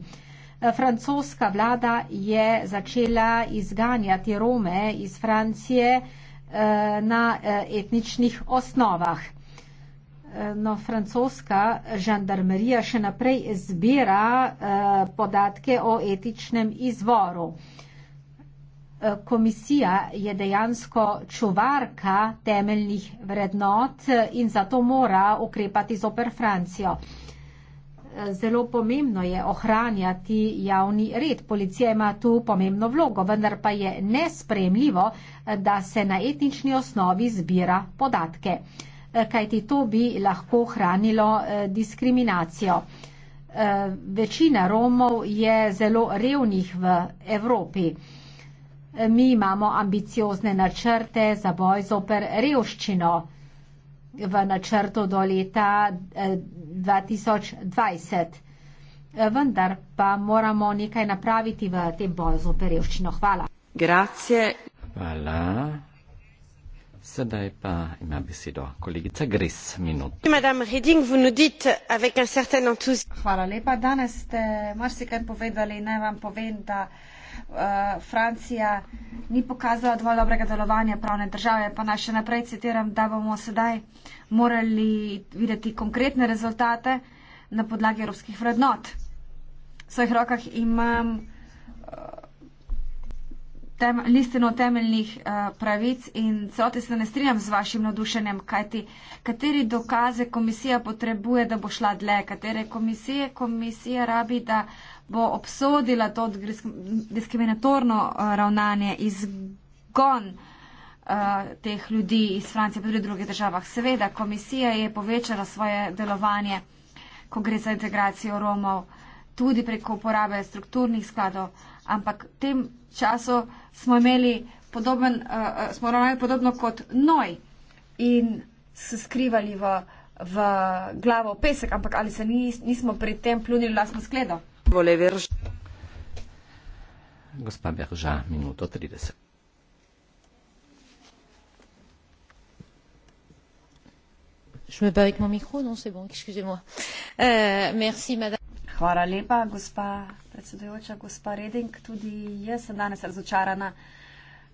Eh, francoska vlada je začela izganjati Rome iz Francije na etničnih osnovah. No, francoska žandarmerija še naprej zbira eh, podatke o etičnem izvoru. Eh, komisija je dejansko čuvarka temeljnih vrednot eh, in zato mora ukrepati zoper Francijo. Zelo pomembno je ohranjati javni red. Policija ima tu pomembno vlogo, vendar pa je nespremljivo, da se na etnični osnovi zbira podatke. Eh, kajti to bi lahko hranilo eh, diskriminacijo. Eh, večina Romov je zelo revnih v Evropi. Mi imamo ambiciozne načrte za boj zoper revščino v načrtu do leta 2020. Vendar pa moramo nekaj napraviti v tem boju zoper revščino. Hvala. Grazie. Hvala. Sedaj pa ima besedo kolegica Gris minut. Hvala lepa. Danes ste marsikaj povedali. Naj vam povem, da uh, Francija ni pokazala dovolj dobrega delovanja pravne države. Pa naj še naprej citiram, da bomo sedaj morali videti konkretne rezultate na podlagi evropskih vrednot. V svojih rokah imam. Uh, tem, listino temeljnih uh, pravic in celote se ne strinjam z vašim nadušenjem, kajti kateri dokaze komisija potrebuje, da bo šla dle, katere komisije komisija rabi, da bo obsodila to diskriminatorno uh, ravnanje, izgon eh, teh ljudi iz Francije, pa tudi drugih državah. Seveda, komisija je povečala svoje delovanje, ko gre za integracijo Romov, tudi preko uporabe strukturnih skladov, ampak v tem času smo imeli podoben, uh, smo ravnali podobno kot noj in se skrivali v, v glavo pesek, ampak ali se nis, nismo pri tem plunili vlastno skledo? Gospa Berža, minuto 30. Je me berek mon micro, non, c'est bon, excusez-moi. Euh, merci, madame. Hvala lepa, gospa predsedujoča gospa Reding, tudi jaz sem danes razočarana.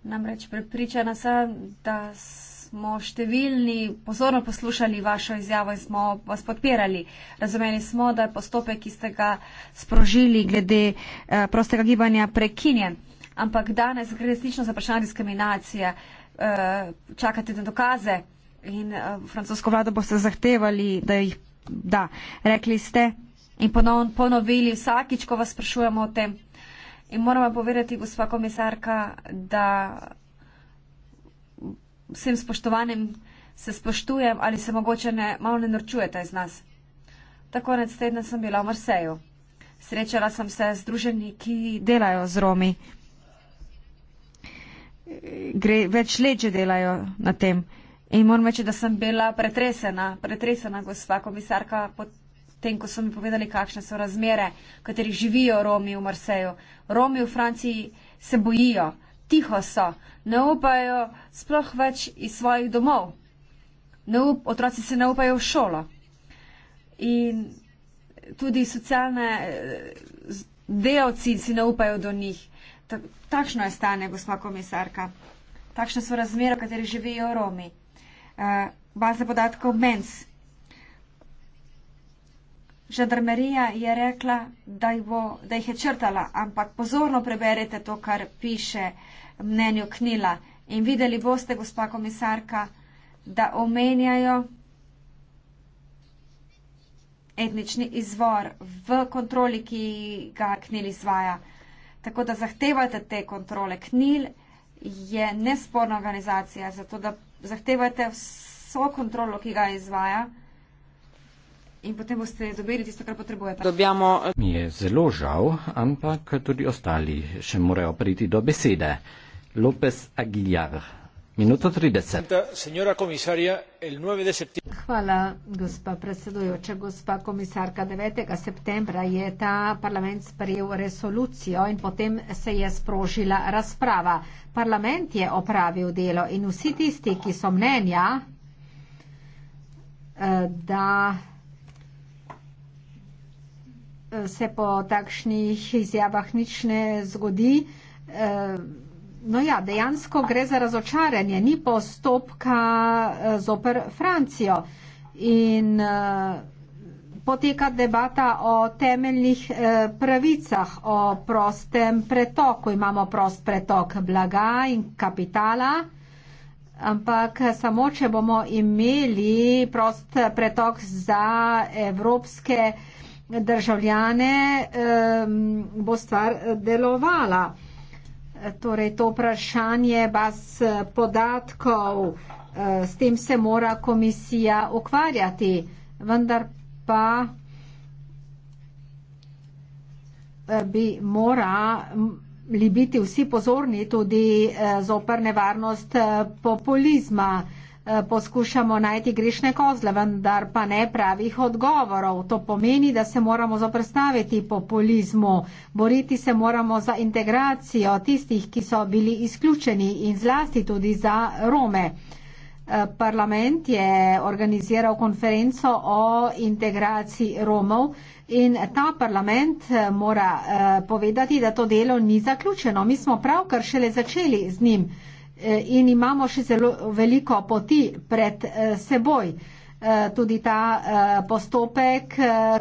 Namreč prepričana sem, da smo številni pozorno poslušali vašo izjavo in smo vas podpirali. Razumeli smo, da je postopek, ki ste ga sprožili glede eh, prostega gibanja, prekinjen. Ampak danes gre resnično za vprašanje diskriminacije. Eh, čakate na dokaze in eh, francosko vlado boste zahtevali, da jih da. Rekli ste, in ponovno ponovili vsakič, ko vas sprašujemo o tem. In moram vam povedati, gospa komisarka, da vsem spoštovanim se spoštujem ali se mogoče ne, malo ne norčujete iz nas. Tako konec tedna sem bila v Marseju. Srečala sem se z druženji, ki delajo z Romi. Gre, več let že delajo na tem. In moram reči, da sem bila pretresena, pretresena gospa komisarka, potem ko so mi povedali, kakšne so razmere, v katerih živijo Romi v Marseju. Romi v Franciji se bojijo, tiho so, ne upajo sploh več iz svojih domov. Up, otroci se ne upajo v šolo. In tudi socialne eh, delavci si ne upajo do njih. Takšno je stanje, gospa komisarka. Takšne so razmere, v katerih živijo Romi. Uh, baze podatkov MENS Žandarmerija je rekla, da jih, bo, da jih je črtala, ampak pozorno preberite to, kar piše mnenju Knila. In videli boste, gospa komisarka, da omenjajo etnični izvor v kontroli, ki ga Knil izvaja. Tako da zahtevate te kontrole. Knil je nesporna organizacija, zato da zahtevate vso kontrolo, ki ga izvaja in potem boste dobili tisto, kar potrebujete. Dobjamo... Eh, Mi je zelo žal, ampak tudi ostali še morajo priti do besede. Lopez Aguilar, minuto 30. Hvala, gospa predsedujoča. Gospa komisarka, 9. septembra je ta parlament sprejel resolucijo in potem se je sprožila razprava. Parlament je opravil delo in vsi tisti, ki so mnenja, eh, da se po takšnih izjavah nič ne zgodi. E, no ja, dejansko gre za razočaranje, ni postopka e, zoper Francijo. In e, poteka debata o temeljnih pravicah, o prostem pretoku. Imamo prost pretok blaga in kapitala. Ampak samo, če bomo imeli prost pretok za evropske eh, državljane bo stvar eh, delovala. Torej, to vprašanje baz eh, podatkov, eh, s tem se mora komisija ukvarjati, vendar pa bi morali biti vsi pozorni tudi zoper nevarnost populizma. Eh, poskušamo najti grešne kozle, vendar pa ne pravih odgovorov. To pomeni, da se moramo zoprstaviti populizmu, boriti se moramo za integracijo tistih, ki so bili izključeni in zlasti tudi za Rome. Eh, parlament je organiziral konferenco o integraciji Romov in ta parlament eh, mora povedati, da to delo ni zaključeno. Mi smo pravkar šele začeli z njim. Eh, in imamo še zelo veliko poti pred eh, seboj. Eh, tudi ta postopek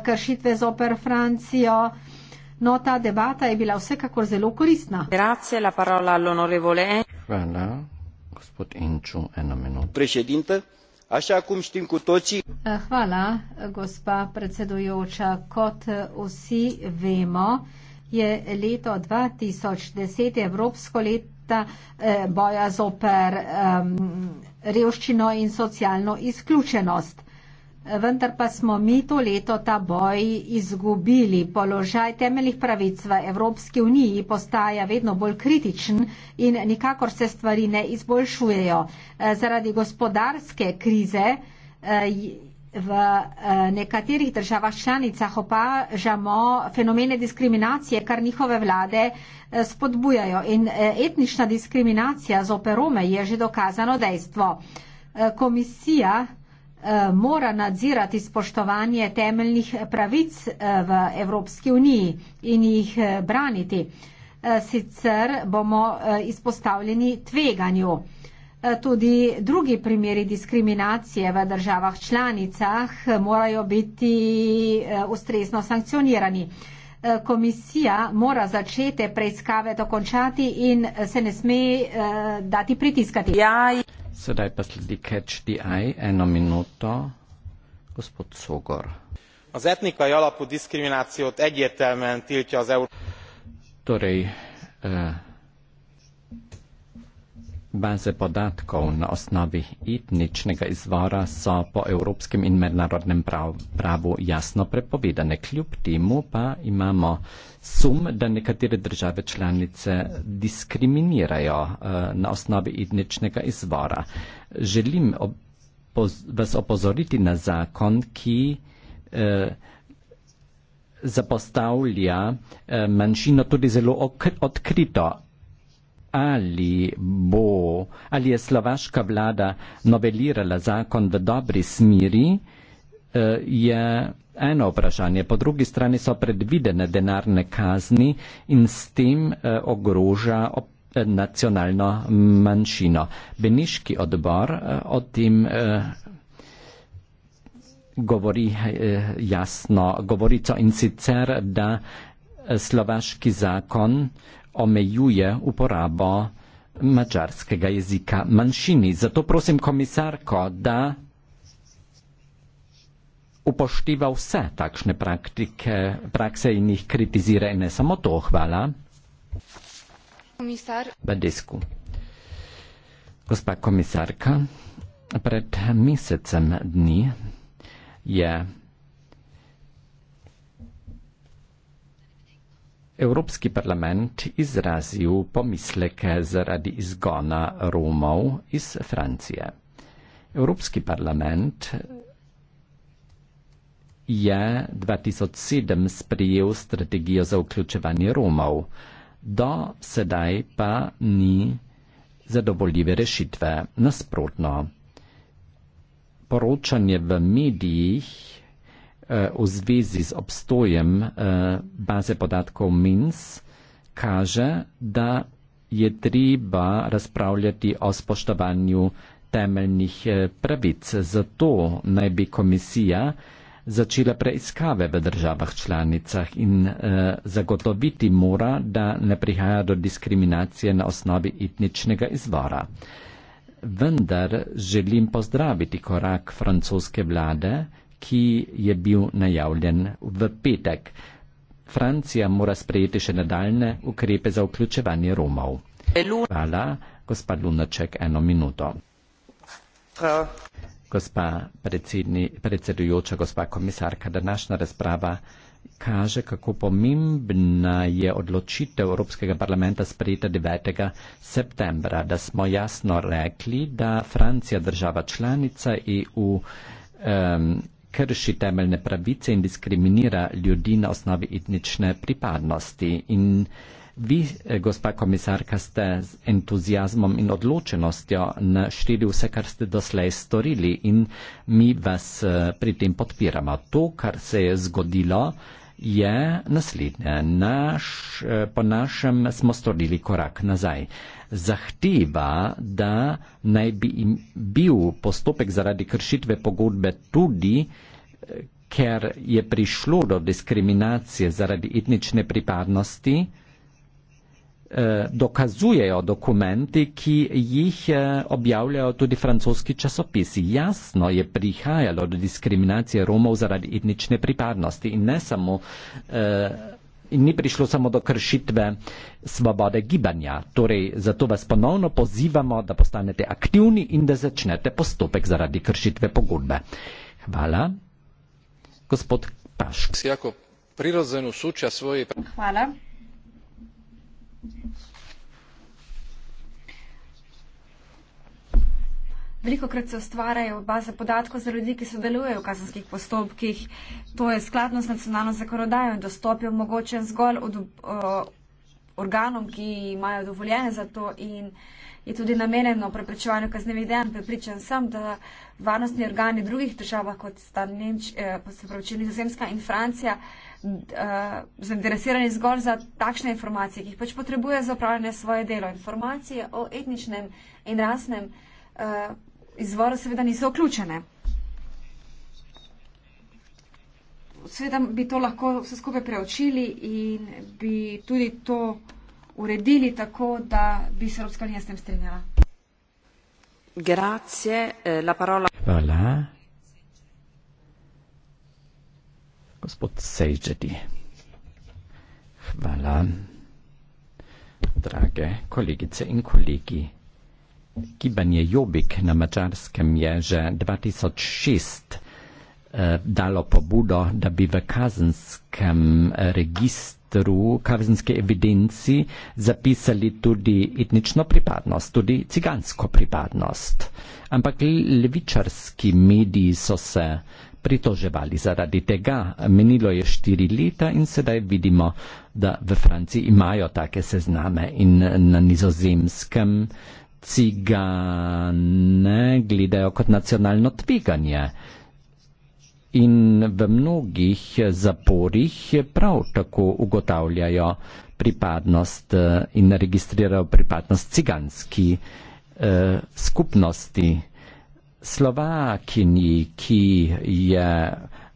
kršitve zoper Francijo. No, ta debata je bila vsekakor zelo koristna. Grazie, la parola all'onorevole. Hvala, gospod Inču, eno minuto. Prešedinte, a še akum štim ku toči. Hvala, gospa predsedujoča. Kot vsi vemo, je leto 2010 evropsko leto projekta eh, boja zoper um, revščino in socialno izključenost. Vendar pa smo mi to leto ta boj izgubili. Položaj temeljih pravic v Evropski uniji postaja vedno bolj kritičen in nikakor se stvari ne izboljšujejo. Eh, zaradi gospodarske krize eh, v eh, nekaterih državah članicah opažamo fenomene diskriminacije, kar njihove vlade eh, spodbujajo. In eh, etnična diskriminacija z operome je že dokazano dejstvo. Komisija mora nadzirati spoštovanje temeljnih pravic v Evropski uniji in jih braniti. Sicer bomo izpostavljeni tveganju. Tudi drugi primeri diskriminacije v državah članicah morajo biti eh, ustrezno sankcionirani. Eh, komisija mora začete preiskave dokončati in eh, se ne sme uh, dati pritiskati. Ja. Sedaj pa sledi catch the eye, eno minuto, gospod Sogor. Az etnikai alapú diskriminációt egyértelműen tiltja az EU. Torej, uh, Baze podatkov na osnovi etničnega izvora so po evropskem in mednarodnem prav, pravu jasno prepovedane. Kljub temu pa imamo sum, da nekatere države članice diskriminirajo uh, na osnovi etničnega izvora. Želim opoz vas opozoriti na zakon, ki uh, zapostavlja uh, manjšino tudi zelo odkrito ali bo, ali je slovaška vlada novelirala zakon v dobri smeri, eh, je eno vprašanje. Po drugi strani so predvidene denarne kazni in s tem eh, ogroža eh, nacionalno manjšino. Beniški odbor o tem govori jasno, govori co in sicer, da slovaški zakon omejuje uporabo mačarskega jezika manjšini. Zato prosim komisarko, da upošteva vse takšne praktike, prakse in jih kritizira in ne samo to. Hvala. Komisar. Badesku. Gospa komisarka, pred mesecem dni je Evropski parlament izrazil pomisleke zaradi izgona Romov iz Francije. Evropski parlament je 2007 sprejel strategijo za vključevanje Romov, do sedaj pa ni zadovoljive rešitve. Nasprotno, poročanje v medijih Eh, v zvezi z obstojem eh, baze podatkov MINS kaže, da je treba razpravljati o spoštovanju temeljnih eh, pravic. Zato naj bi komisija začela preiskave v državah članicah in zagotoviti mora, da ne prihaja do diskriminacije na osnovi etničnega izvora. Vendar želim pozdraviti korak francoske vlade, ki je bil najavljen v petek. Francija mora sprejeti še nadaljne ukrepe za vključevanje Romov. Hvala, gospod Lunaček, eno minuto. Gospa predsedujoča, gospa komisarka, današnja razprava kaže, kako pomembna je odločitev Evropskega parlamenta sprejeta 9. septembra, da smo jasno rekli, da Francija država članica EU um, krši temeljne pravice in diskriminira ljudi na osnovi etnične pripadnosti. In vi, eh, gospa komisarka, ste z entuzijazmom in odločenostjo našteli vse, kar ste doslej storili in mi vas eh, pri tem podpiramo. To, kar se je zgodilo, je naslednja. Naš, eh, po našem smo storili korak nazaj. Zahteva, da naj bi bil postopek zaradi kršitve pogodbe tudi, eh, ker je prišlo do diskriminacije zaradi etnične pripadnosti, Eh, dokazujejo dokumenti, ki jih eh, objavljajo tudi francoski časopisi. Jasno je prihajalo do diskriminacije Romov zaradi etnične pripadnosti in ne samo, eh, in ni prišlo samo do kršitve svobode gibanja. Torej, zato vas ponovno pozivamo, da postanete aktivni in da začnete postopek zaradi kršitve pogodbe. Hvala. Gospod Pašk. Hvala. Veliko krat se ustvarjajo baze podatkov za ljudi, ki sodelujejo v kazenskih postopkih. To je skladno s nacionalno zakonodajo in dostop je omogočen zgolj od, uh, organom, ki imajo dovoljene za to in je tudi namenjeno preprečevanju kaznevih dejanj. Pripričan sem, da varnostni organi drugih državah, kot sta Nemč, eh, pa se pravi, Nizozemska in Francija, eh, uh, zainteresirani zgolj za takšne informacije, ki jih pač potrebuje za upravljanje svoje delo. Informacije o etničnem in rasnem uh, izvoru seveda niso vključene. Sveda bi to lahko vse skupaj preučili in bi tudi to uredili tako, da bi se Evropska unija s tem strinjala. Grazie, eh, la parola. Voilà. Gospod Sejžedi. Hvala, drage kolegice in kolegi. Gibanje Jobik na mačarskem je že 2006 eh, dalo pobudo, da bi v kazenskem eh, registru registru kavzinske evidenci zapisali tudi etnično pripadnost, tudi cigansko pripadnost. Ampak levičarski mediji so se pritoževali zaradi tega. Menilo je štiri leta in sedaj vidimo, da v Franciji imajo take sezname in na nizozemskem cigane gledajo kot nacionalno tveganje in v mnogih zaporih prav tako ugotavljajo pripadnost eh, in registrirajo pripadnost ciganski eh, skupnosti. Slovakinji, ki je,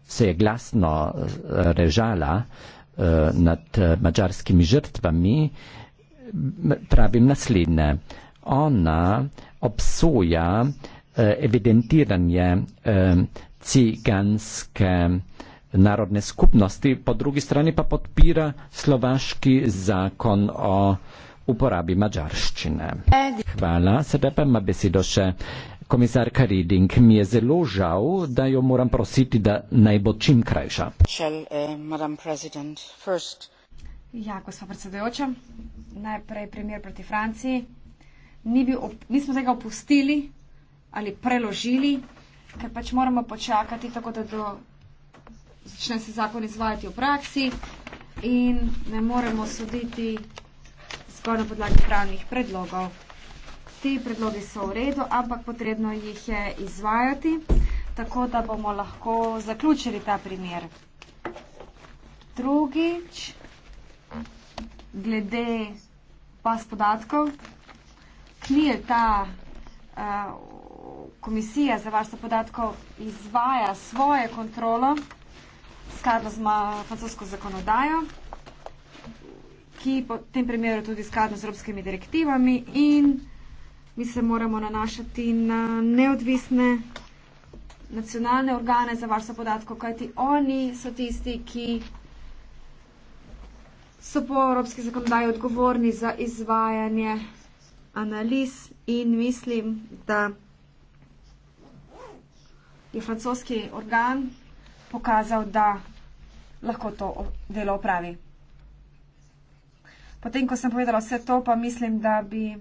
se je glasno eh, režala eh, nad eh, mačarskimi žrtvami, pravim naslednje. Ona obsoja eh, evidentiranje eh, ciganske narodne skupnosti, po drugi strani pa podpira slovaški zakon o uporabi mađarščine. Hvala, sedaj pa ima besedo še komisarka Reding. Mi je zelo žal, da jo moram prositi, da naj bo čim krajša. Shall, uh, madam president, first. Ja, gospod predsedujoča, najprej primer proti Franciji. Ni bil, nismo tega opustili ali preložili, ker pač moramo počakati, tako da do, začne se zakon izvajati v praksi in ne moremo soditi zgolj na podlagi pravnih predlogov. Ti predlogi so v redu, ampak potrebno jih je izvajati, tako da bomo lahko zaključili ta primer. Drugič, glede pas podatkov, kje je ta uh, komisija za varstvo podatkov izvaja svojo kontrolo skladno z francosko zakonodajo, ki po tem primeru tudi skladno z evropskimi direktivami in mi se moramo nanašati na neodvisne nacionalne organe za varstvo podatkov, kajti oni so tisti, ki so po evropski zakonodaji odgovorni za izvajanje analiz in mislim, da je francoski organ pokazal, da lahko to delo opravi. Potem, ko sem povedala vse to, pa mislim, da bi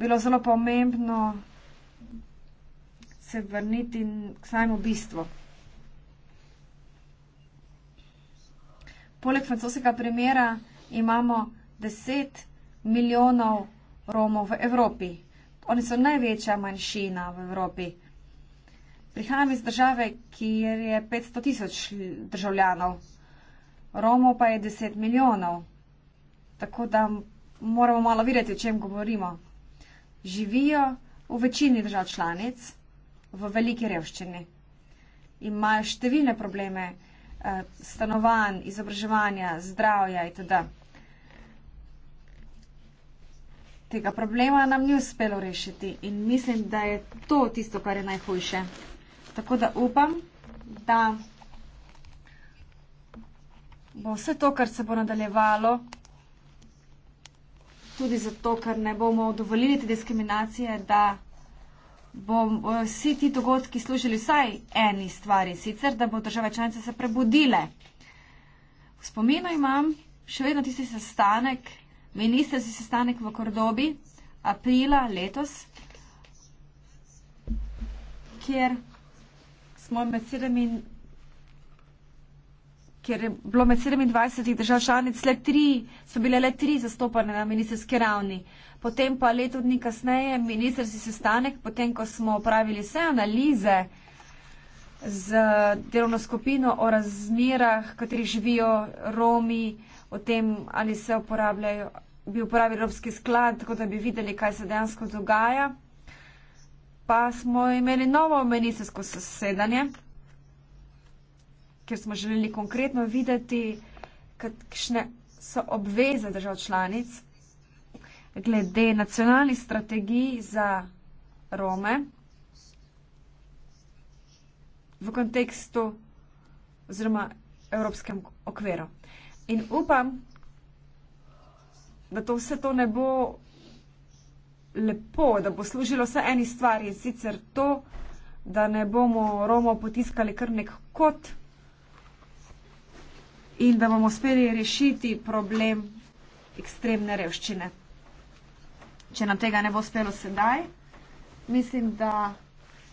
bilo zelo pomembno se vrniti k samemu bistvu. Poleg francoskega primera imamo 10 milijonov Romov v Evropi. Oni so največja manjšina v Evropi. Prihajam iz države, kjer je 500 tisoč državljanov, Romov pa je 10 milijonov. Tako da moramo malo videti, o čem govorimo. Živijo v večini držav članic v veliki revščini. Imajo številne probleme eh, stanovanj, izobraževanja, zdravja itd. Tega problema nam ni uspelo rešiti in mislim, da je to tisto, kar je najhujše. Tako da upam, da bo vse to, kar se bo nadaljevalo, tudi zato, ker ne bomo dovolili te diskriminacije, da bomo vsi ti dogodki služili vsaj eni stvari, sicer da bo države članice se prebudile. V spominu imam še vedno tisti sestanek, ministrski sestanek v Kordobi, aprila letos, kjer smo med sedem in ker je bilo med 27 držav članic, le tri, so bile le tri zastopane na ministerski ravni. Potem pa leto dni kasneje ministerski sestanek, potem ko smo opravili vse analize z delovno skupino o razmerah, v katerih živijo Romi, o tem, ali se uporabljajo, bi uporabili Evropski sklad, tako da bi videli, kaj se dejansko dogaja pa smo imeli novo ministrsko sosedanje, kjer smo želeli konkretno videti, kakšne so obveze držav članic glede nacionalnih strategij za Rome v kontekstu oziroma evropskem okviru. In upam, da to vse to ne bo lepo, da bo služilo vse eni stvari, je sicer to, da ne bomo Romo potiskali kar nek kot in da bomo uspeli rešiti problem ekstremne revščine. Če nam tega ne bo uspelo sedaj, mislim, da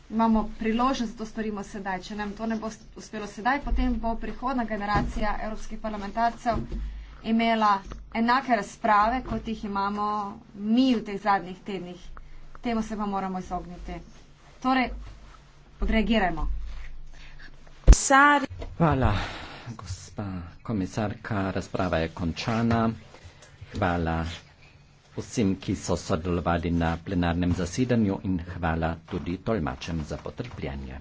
imamo priložnost, da to storimo sedaj. Če nam to ne bo uspelo sedaj, potem bo prihodna generacija evropskih parlamentarcev imela enake razprave, kot jih imamo mi v teh zadnjih tednih. Temu se pa moramo izogniti. Torej, odreagirajmo. Hvala, gospa komisarka. Razprava je končana. Hvala vsem, ki so sodelovali na plenarnem zasedanju in hvala tudi tolmačem za potrpljenje.